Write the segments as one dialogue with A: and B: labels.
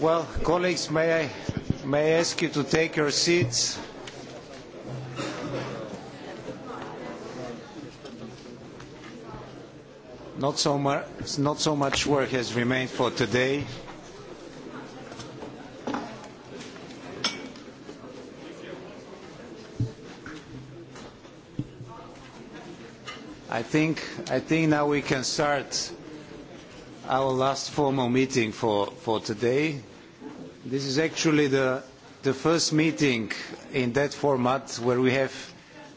A: Well, colleagues, may I, may I ask you to take your seats? Not so, much, not so much work has remained for today. I think, I think now we can start our last formal meeting for today. This is actually the first meeting in that format where we have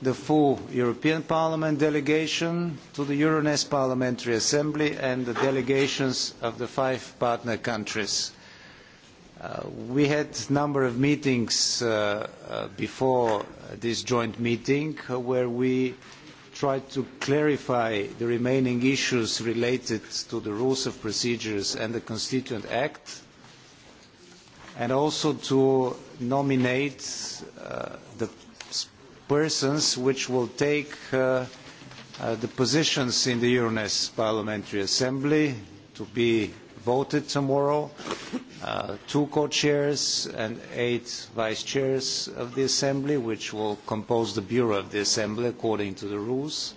A: the full European Parliament delegation to the Euronest Parliamentary Assembly and the delegations of the five partner countries. We had a number of meetings before this joint meeting where we try to clarify the remaining issues related to the rules of procedures and the Constituent Act, and also to nominate the persons which will take the positions in the Euronest Parliamentary Assembly to be voted tomorrow. Two co-chairs and eight vice-chairs of the Assembly, which will compose the Bureau of the Assembly according to the rules,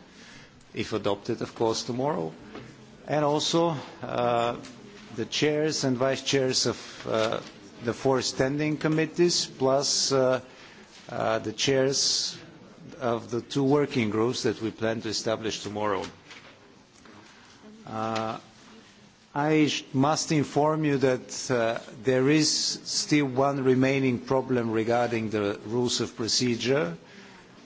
A: if adopted, of course, tomorrow. And also the chairs and vice-chairs of the four standing committees, plus the chairs of the two working groups that we plan to establish tomorrow. I must inform you that there is still one remaining problem regarding the rules of procedure.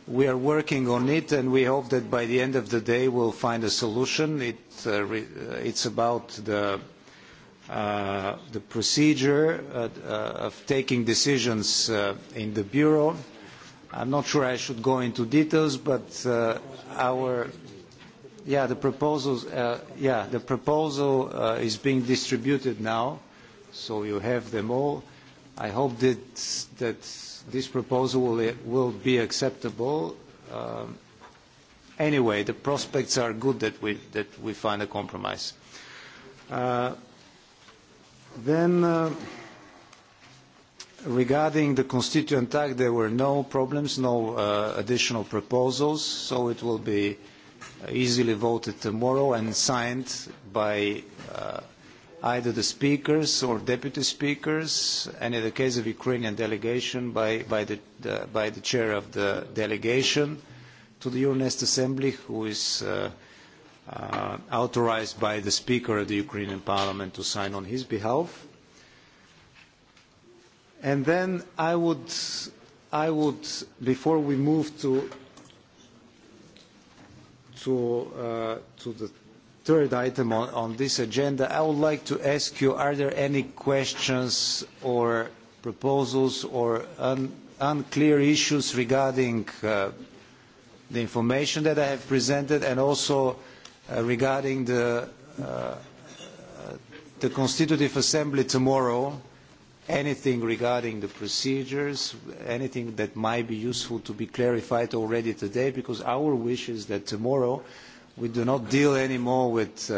A: We are working on it and we hope that by the end of the day we will find a solution. It's about the procedure of taking decisions in the Bureau. I'm not sure I should go into details, but our Yeah, the proposals. Yeah, the proposal is being distributed now, so you have them all. I hope that that this proposal will be acceptable. Anyway, the prospects are good that we that we find a compromise. Then, regarding the Constituent Act, there were no problems, no additional proposals, so it will be easily voted tomorrow and signed by either the speakers or deputy speakers, and in the case of Ukrainian delegation, by the chair of the delegation to the Euronest Assembly, who is authorized by the Speaker of the Ukrainian Parliament to sign on his behalf. And then I would, before we move to to the third item on this agenda, I would like to ask you, are there any questions or proposals or unclear issues regarding the information that I have presented and also regarding the Constitutive Assembly tomorrow? anything regarding the procedures, anything that might be useful to be clarified already today, because our wish is that tomorrow we do not deal anymore with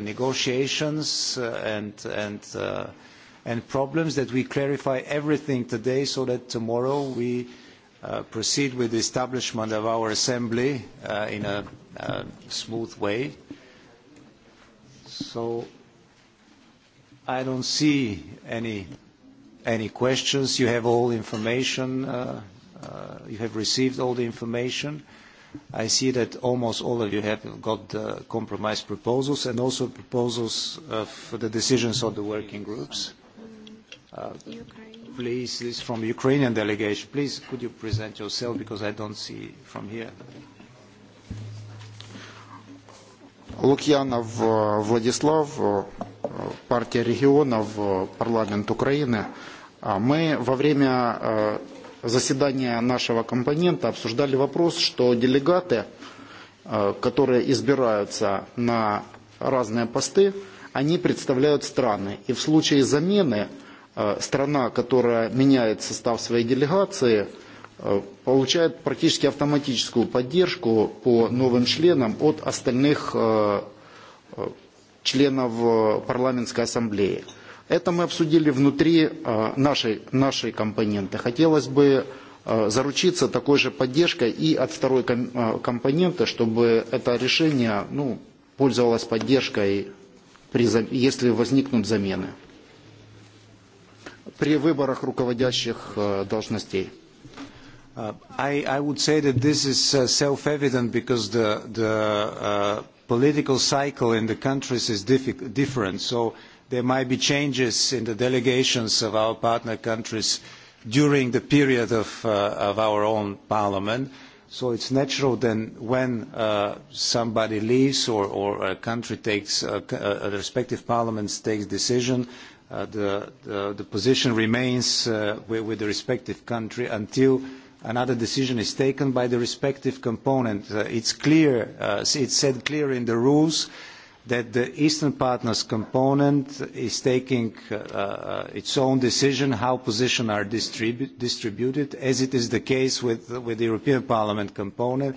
A: negotiations and problems, that we clarify everything today so that tomorrow we proceed with the establishment of our assembly in a smooth way. So I don't see any any questions. You have all information. You have received all the information. I see that almost all of you have got the compromise proposals and also proposals for the decisions of the working groups. Please, this is from the Ukrainian delegation. Please, could you present yourself because I don't see from here.
B: Лукьянов Владислав, партия регионов, парламент Украины. Мы во время заседания нашего компонента обсуждали вопрос, что делегаты, которые избираются на разные посты, они представляют страны. И в случае замены страна, которая меняет состав своей делегации – получает практически автоматическую поддержку по новым членам от остальных членов парламентской ассамблеи. Это мы обсудили внутри нашей компоненты. Хотелось бы заручиться такой же поддержкой и от второй компоненты, чтобы это решение пользовалось поддержкой, если возникнут замены
A: при выборах руководящих должностей. I would say that this is self-evident because the political cycle in the countries is different. So there might be changes in the delegations of our partner countries during the period of our own parliament. So it's natural then when somebody leaves or a country takes, a respective parliament takes decision, the position remains with the respective country until another decision is taken by the respective component. It's clear, it's said clear in the rules that the Eastern Partners component is taking its own decision how positions are distributed, as it is the case with the European Parliament component.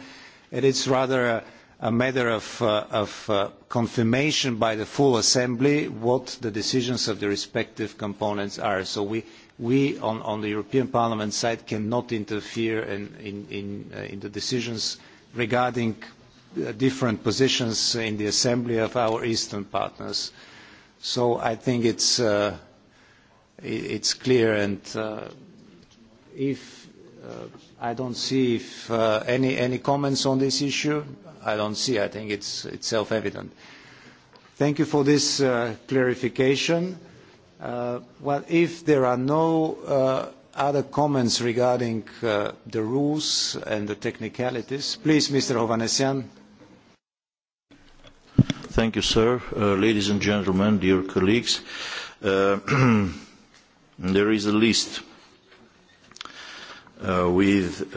A: And is rather a matter of confirmation by the full assembly what the decisions of the respective components are. So we we on the European Parliament side cannot interfere in the decisions regarding different positions in the assembly of our eastern partners. So I think it's clear and if I don't see if any comments on this issue, I don't see. I think it's self-evident. Thank you for this clarification. Well, if there are no other comments regarding the rules and the technicalities, please, Mr. Hovhannisyan.
C: Thank you, sir. Ladies and gentlemen, dear colleagues, there is a list with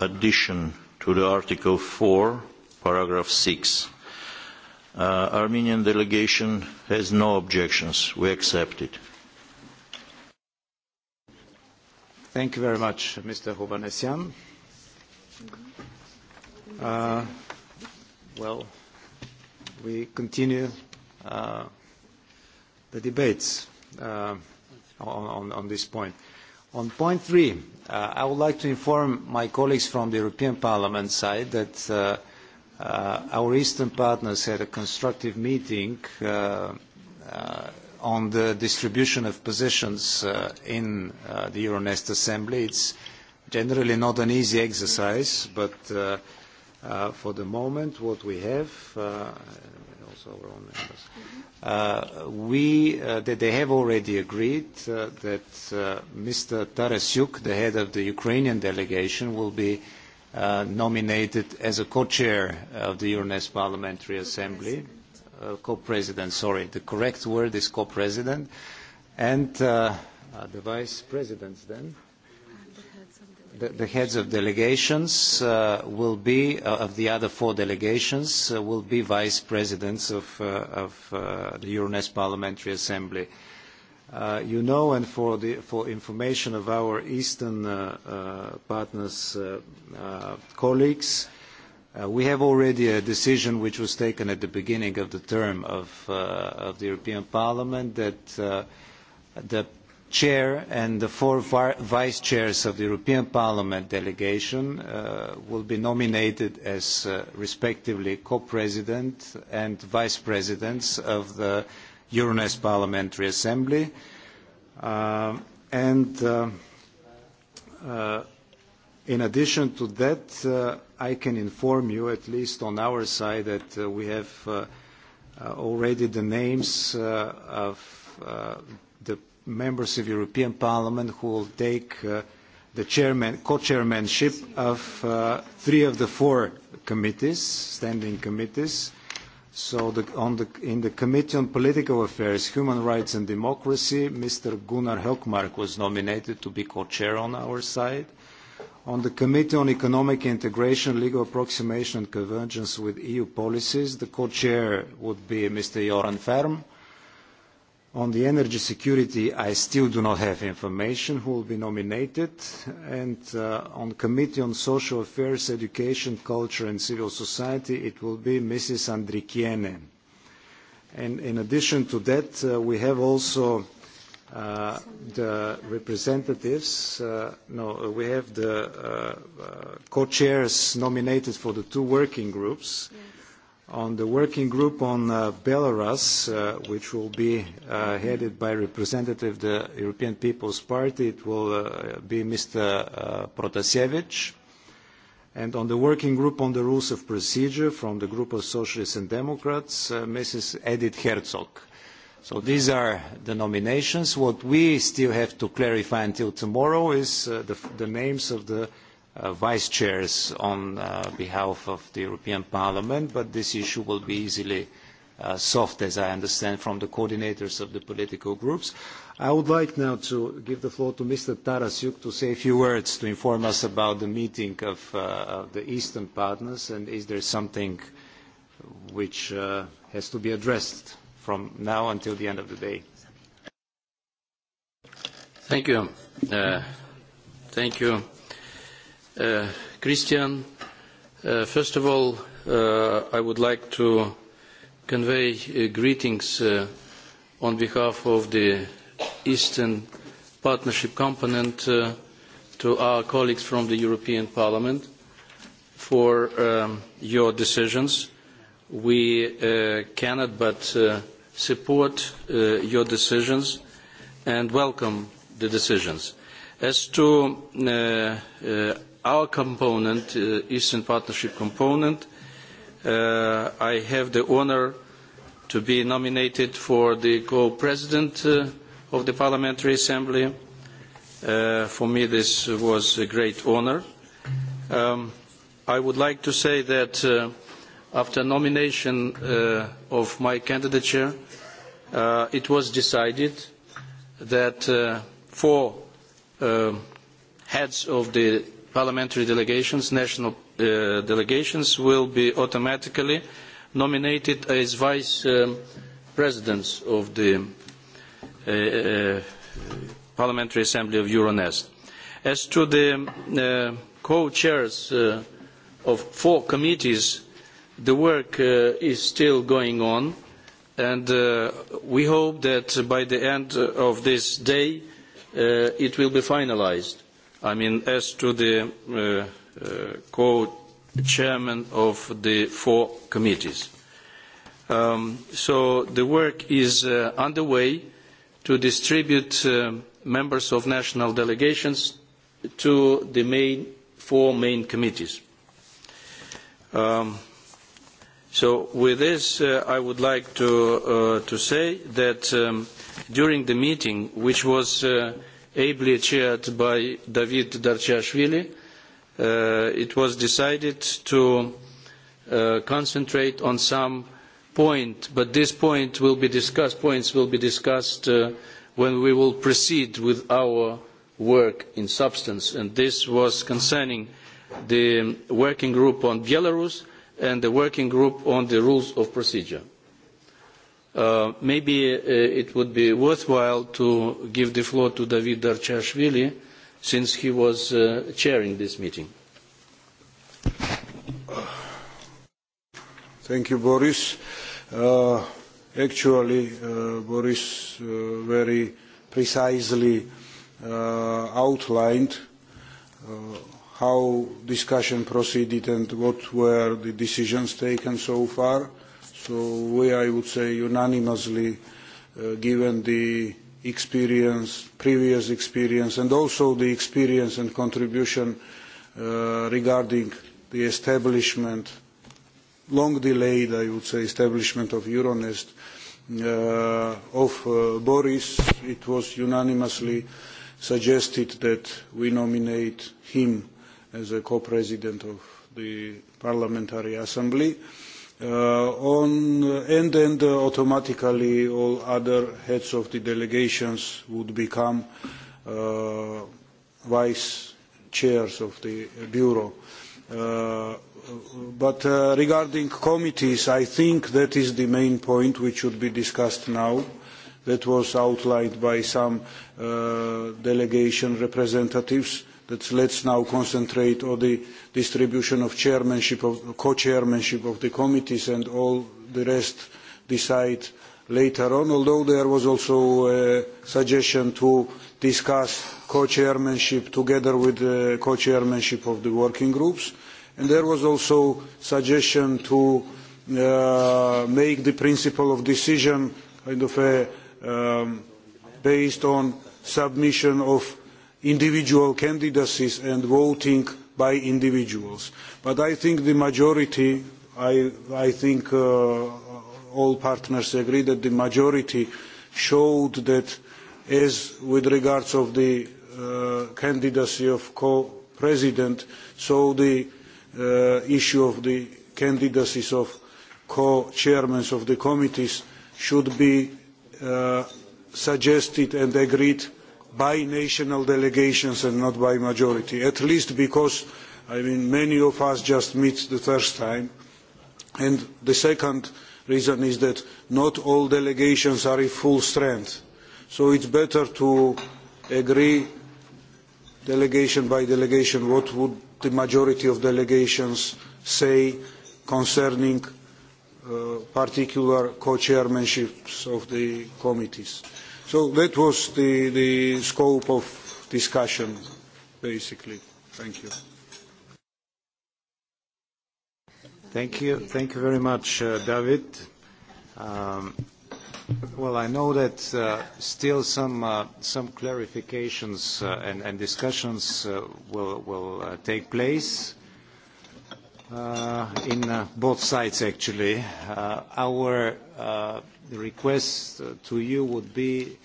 C: addition to the Article 4, paragraph 6 Armenian delegation has no objections. We accept it.
A: Thank you very much, Mr. Hovanesyan. Well, we continue the debates on this point. On point three, I would like to inform my colleagues from the European Parliament side that Our Eastern partners had a constructive meeting on the distribution of positions in the Euronest Assembly. It's generally not an easy exercise, but for the moment what we have, also we, they have already agreed that Mr. Tarasyuk, the head of the Ukrainian delegation, will be nominated as a co-chair of the Euronest Parliamentary Assembly, co-president, sorry, the correct word is co-president, and the vice presidents then, the heads of delegations will be, of the other four delegations, will be vice presidents of the Euronest Parliamentary Assembly you know, and for the information of our Eastern partners colleagues, we have already a decision which was taken at the beginning of the term of the European Parliament that the chair and the four vice chairs of the European Parliament delegation will be nominated as respectively co-president and vice presidents of the Euronest Parliamentary Assembly. And in addition to that, I can inform you, at least on our side, that we have already the names of the members of European Parliament who will take the co-chairmanship of three of the four committees, standing committees So in the Committee on Political Affairs, Human Rights and Democracy, Mr. Gunnar Hökmark was nominated to be co-chair on our side. On the Committee on Economic Integration, Legal Approximation and Convergence with EU Policies, the co-chair would be Mr. Joran Ferm. On the energy security, I still do not have information who will be nominated. And on Committee on Social Affairs, Education, Culture and Civil Society, it will be Mrs. Andrikiene. And in addition to that, we have also the representatives, no, we have the co-chairs nominated for the two working groups on the working group on Belarus, which will be headed by representative of the European People's Party. It will be Mr. Protasevich. And on the working group on the rules of procedure from the group of Socialists and Democrats, Mrs. Edith Herzog. So these are the nominations. What we still have to clarify until tomorrow is the names of the vice chairs on behalf of the European Parliament, but this issue will be easily solved, as I understand, from the coordinators of the political groups. I would like now to give the floor to Mr. Tarasyuk to say a few words to inform us about the meeting of the Eastern partners and is there something which has to be addressed from now until the end of the day. Thank you.
D: Thank you Christian. First of all, I would like to convey greetings on behalf of the Eastern Partnership component to our colleagues from the European Parliament for your decisions. We cannot but support your decisions and welcome the decisions. As to our component, Eastern Partnership component. I have the honor to be nominated for the co-president of the Parliamentary Assembly. For me, this was a great honor. I would like to say that after nomination of my candidature, it was decided that four heads of the parliamentary delegations, national delegations, will be automatically nominated as vice presidents of the Parliamentary Assembly of Euronest. As to the co-chairs of four committees, the work is still going on, and we hope that by the end of this day it will be finalised I mean, as to the co-chairman of the four committees. So the work is underway to distribute members of national delegations to the main four main committees. So with this, I would like to say that during the meeting, which was ably chaired by David Darchashvili, it was decided to concentrate on some point, but this point will be discussed, points will be discussed when we will proceed with our work in substance. And this was concerning the working group on Belarus and the working group on the rules of procedure. Maybe it would be worthwhile to give the floor to David Darchashvili, since he was chairing this meeting.
E: Thank you, Boris. Actually, Boris very precisely outlined how discussion proceeded and what were the decisions taken so far. So we, I would say, unanimously, given the experience, previous experience, and also the experience and contribution regarding the establishment, long delayed, I would say, establishment of Euronest, of Boris, it was unanimously suggested that we nominate him as a co-president of the Parliamentary Assembly and then automatically all other heads of the delegations would become vice chairs of the bureau. But regarding committees, I think that is the main point which should be discussed now. That was outlined by some delegation representatives that let's now concentrate on the distribution of chairmanship, of co-chairmanship of the committees and all the rest decide later on, although there was also a suggestion to discuss co-chairmanship together with the co-chairmanship of the working groups. And there was also suggestion to make the principle of decision kind of based on submission of individual candidacies and voting by individuals. But I think the majority, I think all partners agree that the majority showed that as with regards of the candidacy of co-president, so the issue of the candidacies of co-chairmen of the committees should be suggested and agreed by national delegations and not by majority, at least because I mean many of us just meet the first time. And the second reason is that not all delegations are in full strength. So it's better to agree delegation by delegation what would the majority of delegations say concerning particular co-chairmanships of the committees. So that was the, the scope of discussion, basically. Thank you.
A: Thank you. Thank you very much, David. Well, I know that still some some clarifications and discussions will take place in both sides actually. Our request to you would be,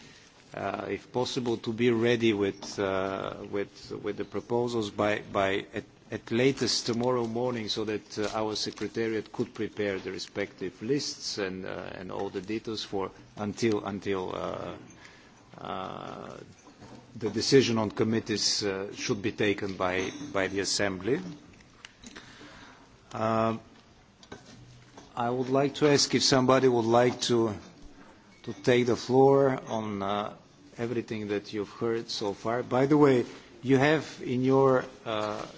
A: if possible, to be ready with the proposals by at latest tomorrow morning so that our secretariat could prepare the respective lists and all the details for until the decision on committees should be taken by the Assembly. I would like to ask if somebody would like to to take the floor on everything that you've heard so far. By the way, you have in your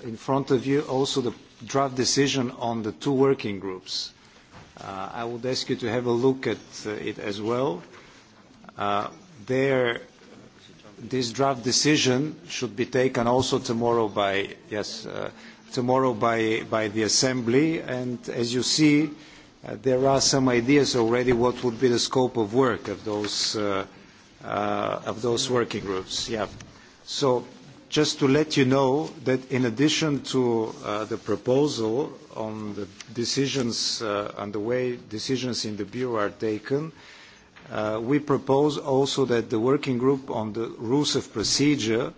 A: in front of you also the draft decision on the two working groups. I would ask you to have a look at it as well. There, this draft decision should be taken also tomorrow by yes tomorrow by the Assembly. And as you see, there are some ideas already what would be the scope of work of those working groups. So just to let you know that in addition to the proposal on the decisions on the way decisions in the Bureau are taken, we propose also that the working group on the rules of procedure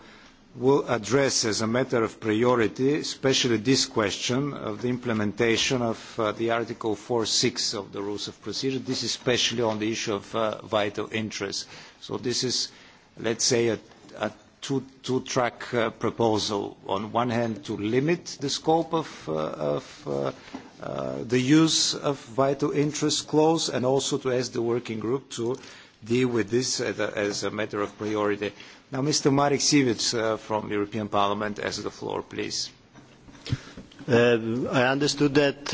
A: will address as a matter of priority especially this question of the implementation of the Article 4.6 of the Rules of Procedure. This is especially on the issue of vital interest. So this is, let's say, a two-track proposal. On one hand, to limit the scope of the use of vital interest clause and also to ask the working group to deal with this as a matter of priority. Now, Mr. Marek Siewicz from European Parliament has the floor, please.
B: I understood that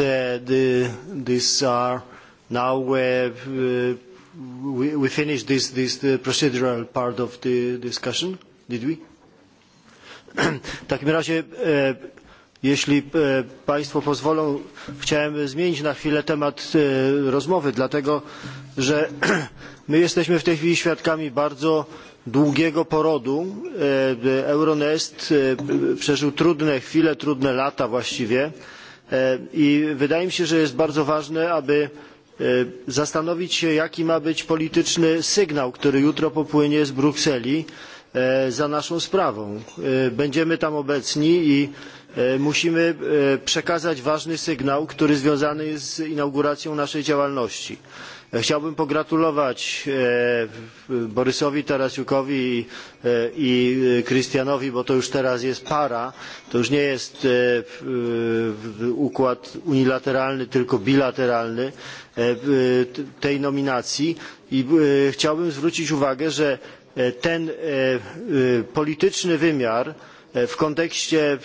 B: these are now we finished this this procedural part of the discussion, did we? W takim razie, jeśli Państwo pozwolą, chciałem zmienić na chwilę temat rozmowy, dlatego że my jesteśmy w tej chwili świadkami bardzo długiego porodu euronest przeżył trudne chwile trudne lata właściwie i wydaje mi się że jest bardzo ważne aby zastanowić się jaki ma być polityczny sygnał który jutro popłynie z brukseli za naszą sprawą. będziemy tam obecni i musimy przekazać ważny sygnał który związany jest z inauguracją naszej działalności. Chciałbym pogratulować Borysowi Tarasiukowi i Krystianowi, bo to już teraz jest para. To już nie jest układ unilateralny, tylko bilateralny tej nominacji. I chciałbym zwrócić uwagę, że ten polityczny wymiar w kontekście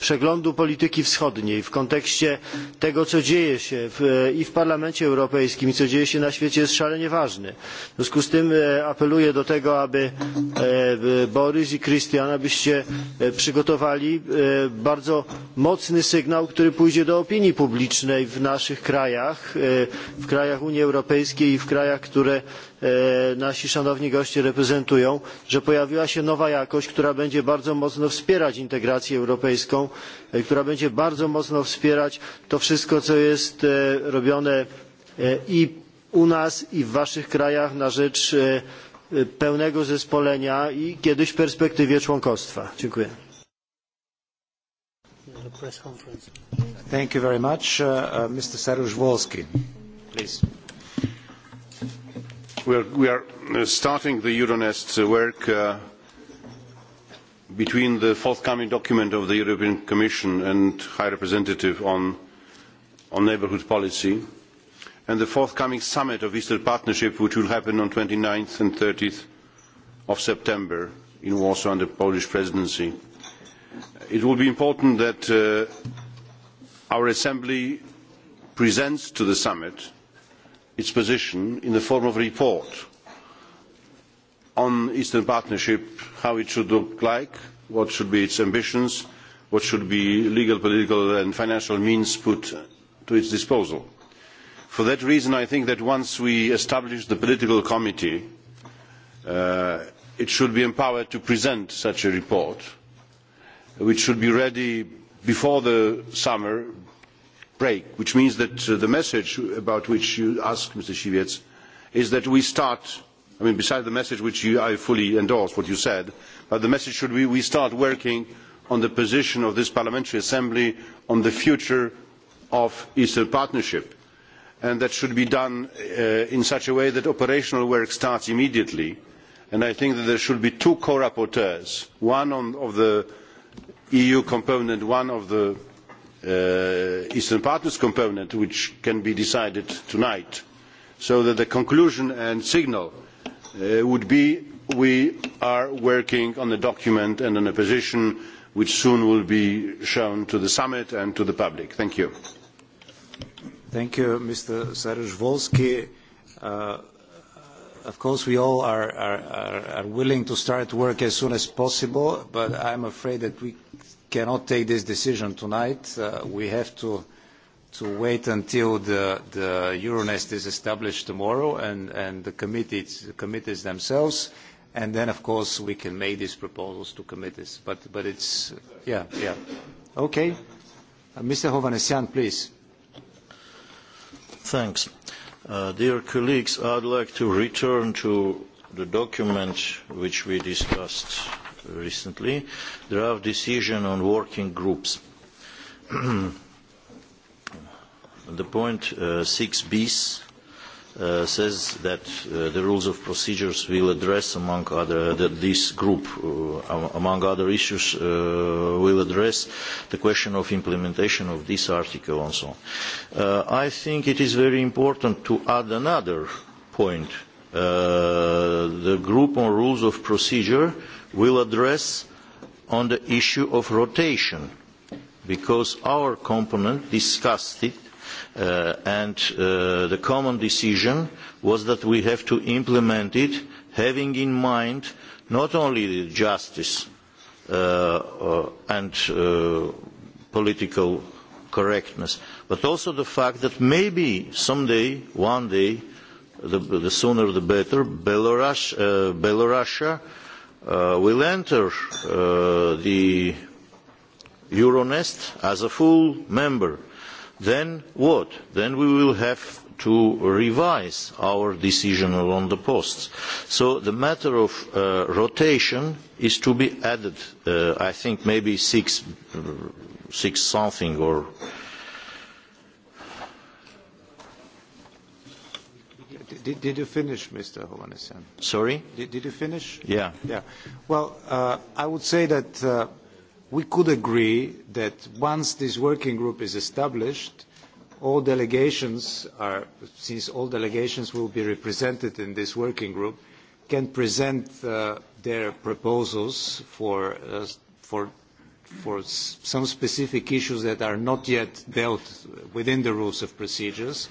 B: przeglądu polityki wschodniej w kontekście tego co dzieje się i w parlamencie europejskim i co dzieje się na świecie jest szalenie ważny. w związku z tym apeluję do tego aby borys i christian abyście przygotowali bardzo mocny sygnał który pójdzie do opinii publicznej w naszych krajach w krajach unii europejskiej i w krajach które nasi szanowni goście reprezentują że pojawiła się nowa jakość która będzie bardzo mocno wspierać integrację europejską która będzie bardzo mocno wspierać to wszystko co jest robione i u nas i w waszych krajach na rzecz pełnego zespolenia i kiedyś w perspektywie członkostwa. dziękuję.
A: Thank
F: We are starting the Euronest work between the forthcoming document of the European Commission and High Representative on neighbourhood policy and the forthcoming summit of Eastern Partnership which will happen on 29th and 30th of September in Warsaw under Polish presidency. It will be important that our Assembly presents to the summit its position in the form of a report on Eastern Partnership, how it should look like, what should be its ambitions, what should be legal, political and financial means put to its disposal. For that reason, I think that once we establish the political committee, it should be empowered to present such a report, which should be ready before the summer break, which means that the message about which you ask Mr. Siwiec, is that we start, I mean, besides the message which I fully endorse, what you said, but the message should be we start working on the position of this Parliamentary Assembly on the future of Eastern Partnership. And that should be done in such a way that operational work starts immediately. And I think that there should be two co-rapporteurs, one of the EU component, one of the Eastern Partners component, which can be decided tonight, so that the conclusion and signal would be we are working on a document and on a position which soon will be shown to the summit and to the public. Thank you.
A: Thank you, Mr. Saryusz-Wolski. Of course, we all are willing to start work as soon as possible, but I am afraid that we cannot take this decision tonight. We have to wait until the Euronest is established tomorrow and the committees themselves, and then, of course, we can make these proposals to committees. But it's, yeah, yeah. Okay. Mr. Hovanesian, please. Thanks.
C: Dear colleagues, I'd like to return to the document which we discussed recently, draft decision on working groups. The point 6 b says that the rules of procedures will address, among other, that this group, among other issues, will address the question of implementation of this article and so on. I think it is very important to add another point. The group on rules of procedure will address on the issue of rotation, because our component discussed it and the common decision was that we have to implement it having in mind not only justice and political correctness, but also the fact that maybe someday, one day, the sooner the better, Belarus will enter the Euronest as a full member, then what? Then we will have to revise our decision on the posts. So the matter of rotation is to be added, I think maybe six something or
A: Did you finish, Mr. Hovhannisyan? Sorry? Did you finish? Yeah. Yeah. Well, I would say that we could agree that once this working group is established, all delegations are, since all delegations will be represented in this working group, can present their proposals for some specific issues that are not yet dealt within the rules of procedures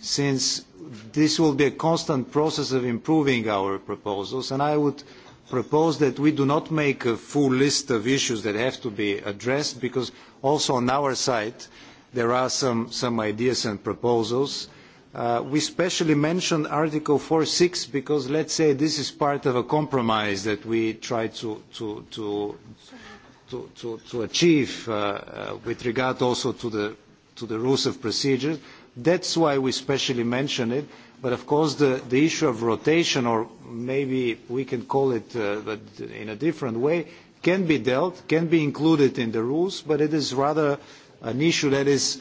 A: since this will be a constant process of improving our proposals and I would propose that we do not make a full list of issues that have to be addressed because also on our side there are some ideas and proposals. We specially mentioned Article 4.6 because let's say this is part of a compromise that we try to achieve with regard also to the rules of procedure That's why we specially mention it. But of course, the issue of rotation, or maybe we can call it in a different way, can be dealt, can be included in the rules, but it is rather an issue that is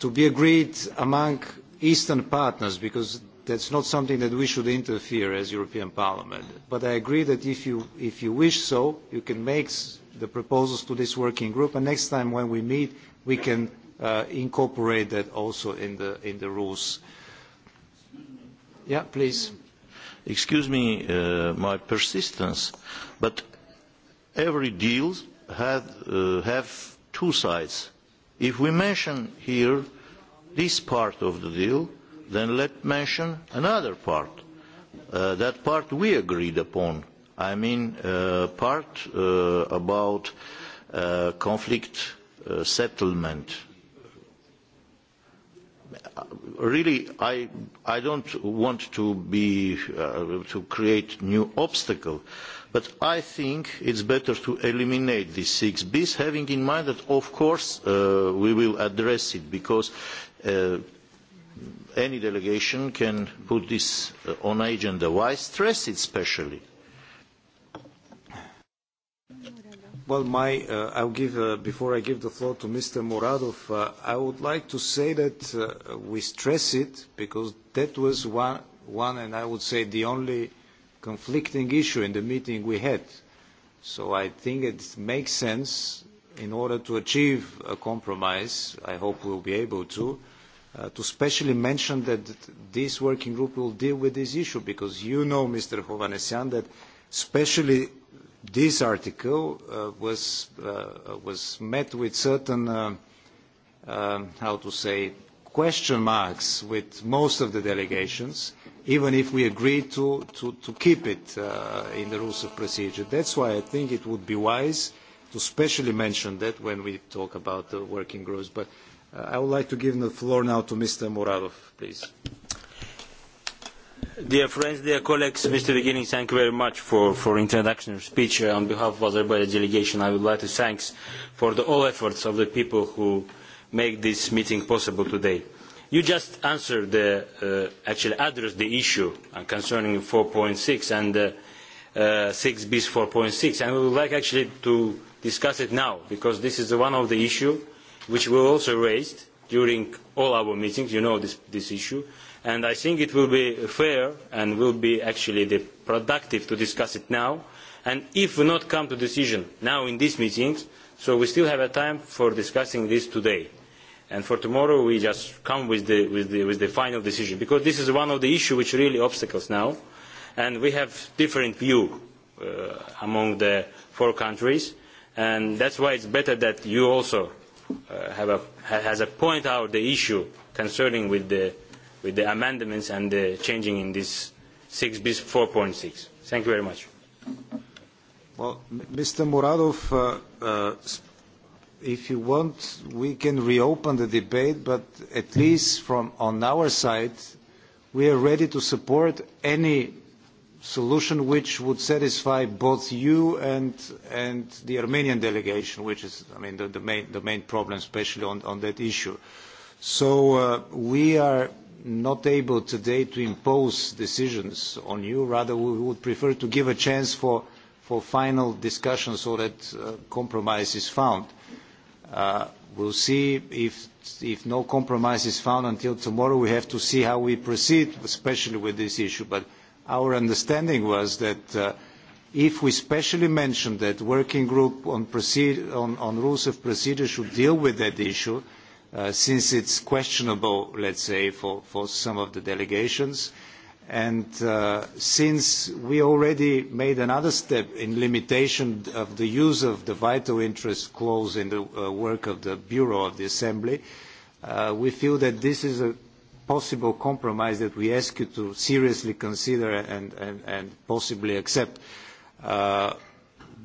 A: to be agreed among Eastern partners, because that's not something that we should interfere as European Parliament. But I agree that if you wish so, you can make the proposals to this working group, and next time when we meet, we can incorporate that also in the in the rules. Yeah, please.
C: Excuse me, my persistence, but every deal have two sides. If we mention here this part of the deal, then let mention another part. That part we agreed upon. I mean part about conflict settlement really i i don't want to to create new obstacle but i think it's better to eliminate these six bs having in mind that of course we will address it because any delegation can put this on agenda why stress it especially?
A: Well, my, I'll give, before I give the floor to Mr. Muradov, I would like to say that we stress it because that was one, and I would say the only conflicting issue in the meeting we had. So I think it makes sense in order to achieve a compromise, I hope we'll be able to, to specially mention that this working group will deal with this issue because you know, Mr. Hovanesyan, that especially this article was met with certain how to say question marks with most of the delegations even if we agreed to to keep it in the rules of procedure that's why i think it would be wise to specially mention that when we talk about the working groups but i would like to give the floor now to mr muradov please Dear
G: friends, dear colleagues, Mr. Beginning, thank you very much for for introduction and speech. On behalf of Azerbaijan delegation, I would like to thank for the all efforts of the people who make this meeting possible today. You just answered the actually addressed the issue concerning 4.6 and 6 b 4.6, and we would like actually to discuss it now because this is one of the issues which we also raised during all our meetings. You know this this issue and I think it will be fair and will be actually productive to discuss it now. And if we do not come to a decision now in these meetings, so we still have time for discussing this today. And for tomorrow we just come with the final decision, because this is one of the issues which really obstacles now, and we have different view among the four countries, and that's why it's better that you also have a point out the issue concerning with the with the amendments and the changing in this 6 bis 4.6. Thank you very much.
A: Well, Mr. Muradov, if you want, we can reopen the debate, but at least from on our side, we are ready to support any solution which would satisfy both you and and the Armenian delegation, which is, I mean, the main the main problem, especially on that issue. So we are not able today to impose decisions on you. Rather, we would prefer to give a chance for final discussion so that compromise is found. We'll see if no compromise is found until tomorrow. We have to see how we proceed, especially with this issue. But our understanding was that if we specially mentioned that working group on rules of procedure should deal with that issue, since it's questionable, let's say, for some of the delegations. And since we already made another step in limitation of the use of the vital interest clause in the work of the Bureau of the Assembly, we feel that this is a possible compromise that we ask you to seriously consider and possibly accept.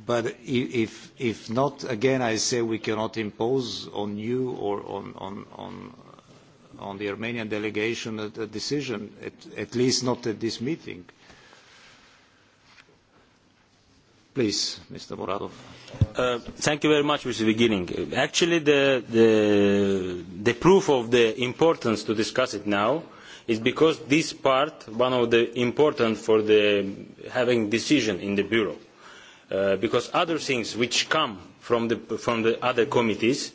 A: But if not, again, I say we cannot impose on you or on the Armenian delegation a decision, at least not at this meeting. Please, Mr. Moradov.
G: Thank you very much, Mr. Beginning. Actually, the proof of the importance to discuss it now is because this part, one of the important for having decision in the Bureau because other things which come from the other committees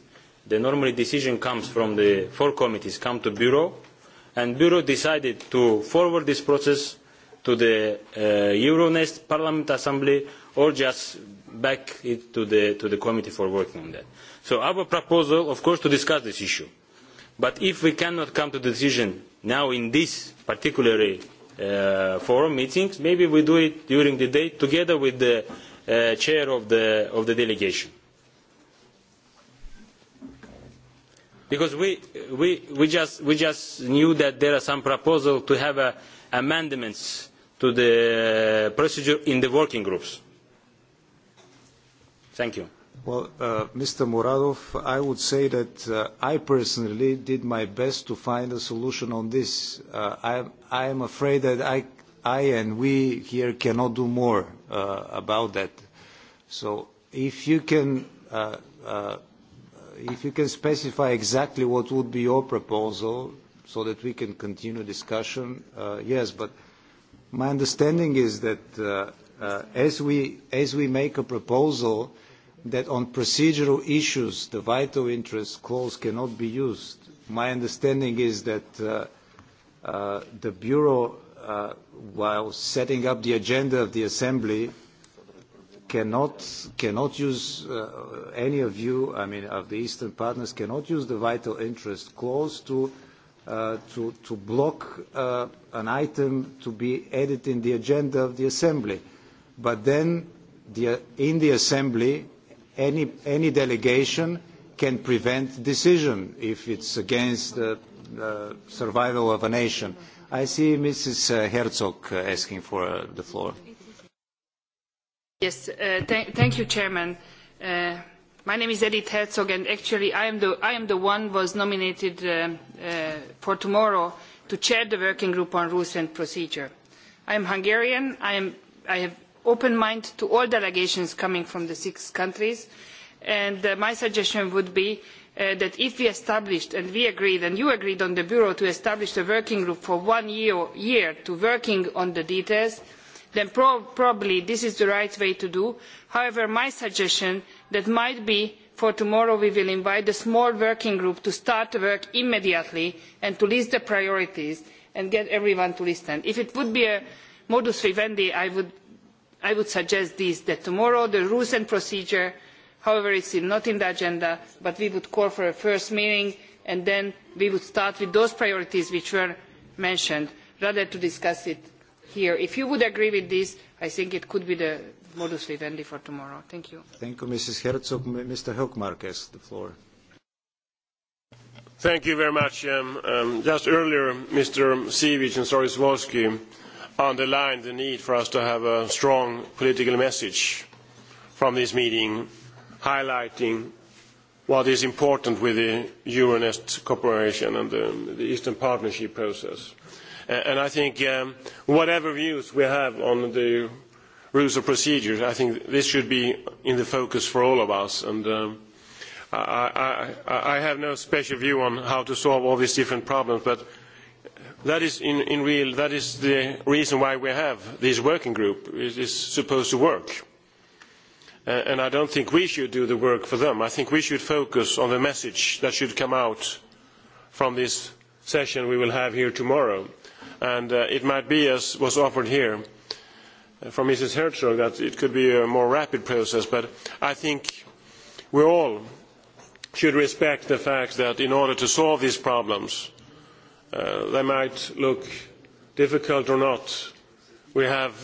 G: the normally decision comes from the four committees come to bureau and bureau decided to forward this process to the euronest parliament assembly or just back it to the committee for working on that. so our proposal of course to discuss this issue but if we cannot come to the decision now in this particular forum meetings maybe we do it during the day together with the chair of the delegation because we just knew that there are some proposals to have amendments to the procedure in the working groups thank
A: you well mr muradov i would say that i personally did my best to find a solution on this i am afraid that i I and we here cannot do more about that. So if you can if you can specify exactly what would be your proposal so that we can continue discussion, yes, but my understanding is that as we as we make a proposal that on procedural issues the vital interest clause cannot be used. My understanding is that the Bureau while setting up the agenda of the Assembly, cannot cannot use any of you, I mean, of the Eastern partners, cannot use the vital interest clause to to block an item to be added in the agenda of the Assembly. But then, in the Assembly, any any delegation can prevent decision if it's against the survival of a nation. I see Mrs. Herzog asking for the floor.
H: Yes, thank you, Chairman. My name is Edith Herzog, and actually I am the one who was nominated for tomorrow to chair the working group on rules and procedure. I am Hungarian. I have open mind to all delegations coming from the six countries, and my suggestion would be that if we established and we agreed and you agreed on the bureau to establish a working group for one year to working on the details then probably this is the right way to do. however my suggestion that might be for tomorrow we will invite a small working group to start work immediately and to list the priorities and get everyone to listen. if it would be a modus vivendi i would suggest this that tomorrow the rules and procedure however it is not in the agenda but we would call for a first meeting and then we would start with those priorities which were mentioned rather than to discuss it here. if you would agree with this i think it could be the modus vivendi for tomorrow. thank you.
A: thank you mrs herzog. mr hkmark has the floor.
I: thank you very much. just earlier mr siwiec and soris wolski underlined the need for us to have a strong political message from this meeting highlighting what is important with the Euronest cooperation and the Eastern Partnership process. And I think whatever views we have on the rules of procedure, I think this should be in the focus for all of us. And I have no special view on how to solve all these different problems, but that is in real, that is the reason why we have this working group. It is supposed to work and I not think we should do the work for them. I think we should focus on the message that should come out from this session we will have here tomorrow. And it might be, as was offered here from Mrs. Herzog, that it could be a more rapid process. But I think we all should respect the fact that in order to solve these problems, they might look difficult or not, we have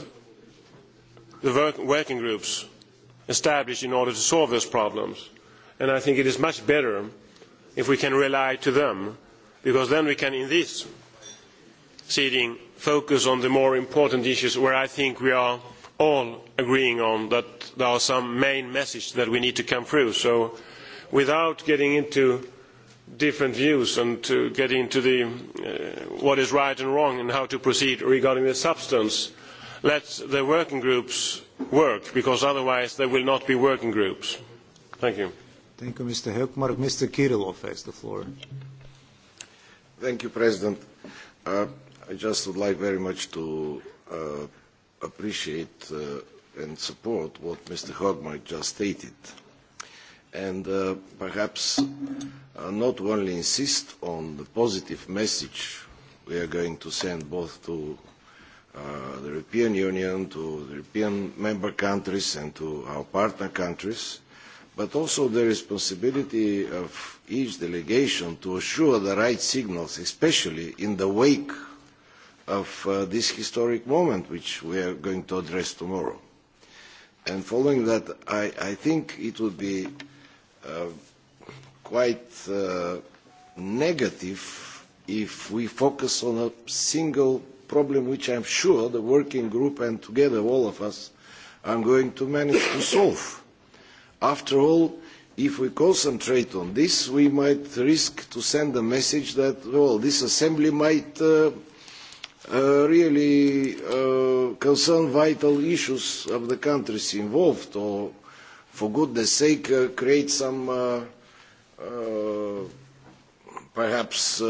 I: the working groups established in order to solve those problems. And I think it is much better if we can rely on them, because then we can, in this seating, focus on the more important issues where I think we are all agreeing on that there are some main messages that we need to come through. So without getting into different views and to get into the what is right and wrong and how to proceed regarding the substance, let the working groups work because otherwise there will not be working groups. Thank you.
A: Thank you, Mr. Hökmark. Mr. Kirillov has the floor.
J: Thank you, President. I just would like very much to appreciate and support what Mr. Hökmark just stated and perhaps not only insist on the positive message we are going to send both to the European Union, to the European member countries and to our partner countries, but also the responsibility of each delegation to assure the right signals, especially in the wake of this historic moment which we are going to address tomorrow. And following that, I think it would be quite negative if we focus on a single problem which I am sure the working group and together all of us are going to manage to solve. After all, if we concentrate on this, we might risk to send a message that, well, this assembly might really concern vital issues of the countries involved or, for goodness sake, create some perhaps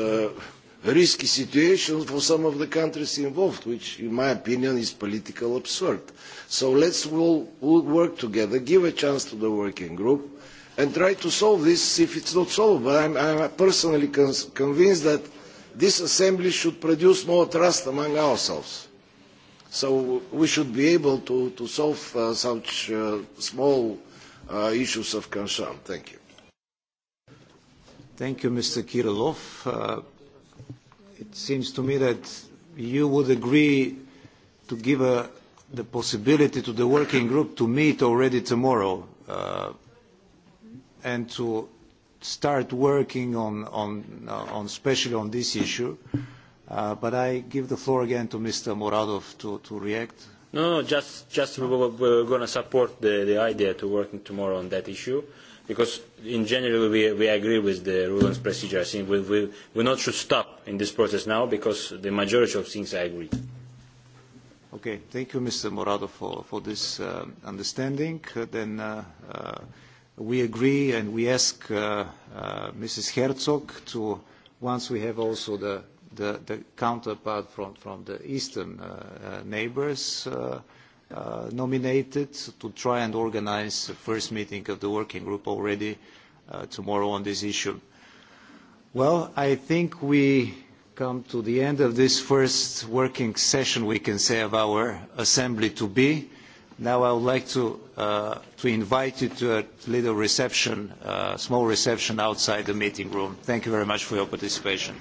J: risky situation for some of the countries involved, which in my opinion is political absurd. So let's all work together, give a chance to the working group and try to solve this if it's not solved. But I am personally convinced that this assembly should produce more trust among ourselves. So we should be able to solve such small issues of concern. Thank you.
A: Thank you, Mr. Kirilov it seems to me that you would agree to give the possibility to the working group to meet already tomorrow and to start working on especially on this issue. But I give the floor again to Mr. Moradov to react.
G: No, no, just we're going to support the idea to work tomorrow on that issue because in general we agree with the rules and procedure. I think we not
A: should stop in this process now because the majority of things I agree. Okay, thank you, Mr. Morado, for this understanding. Then we agree and we ask Mrs. Herzog to, once we have also the the counterpart from the eastern neighbors, nominated to try and organise the first meeting of the working group already tomorrow on this issue. Well, I think we come to the end of this first working session, we can say, of our assembly to be. Now I would like to invite you to a little reception, small reception outside the meeting room. Thank you very much for your participation.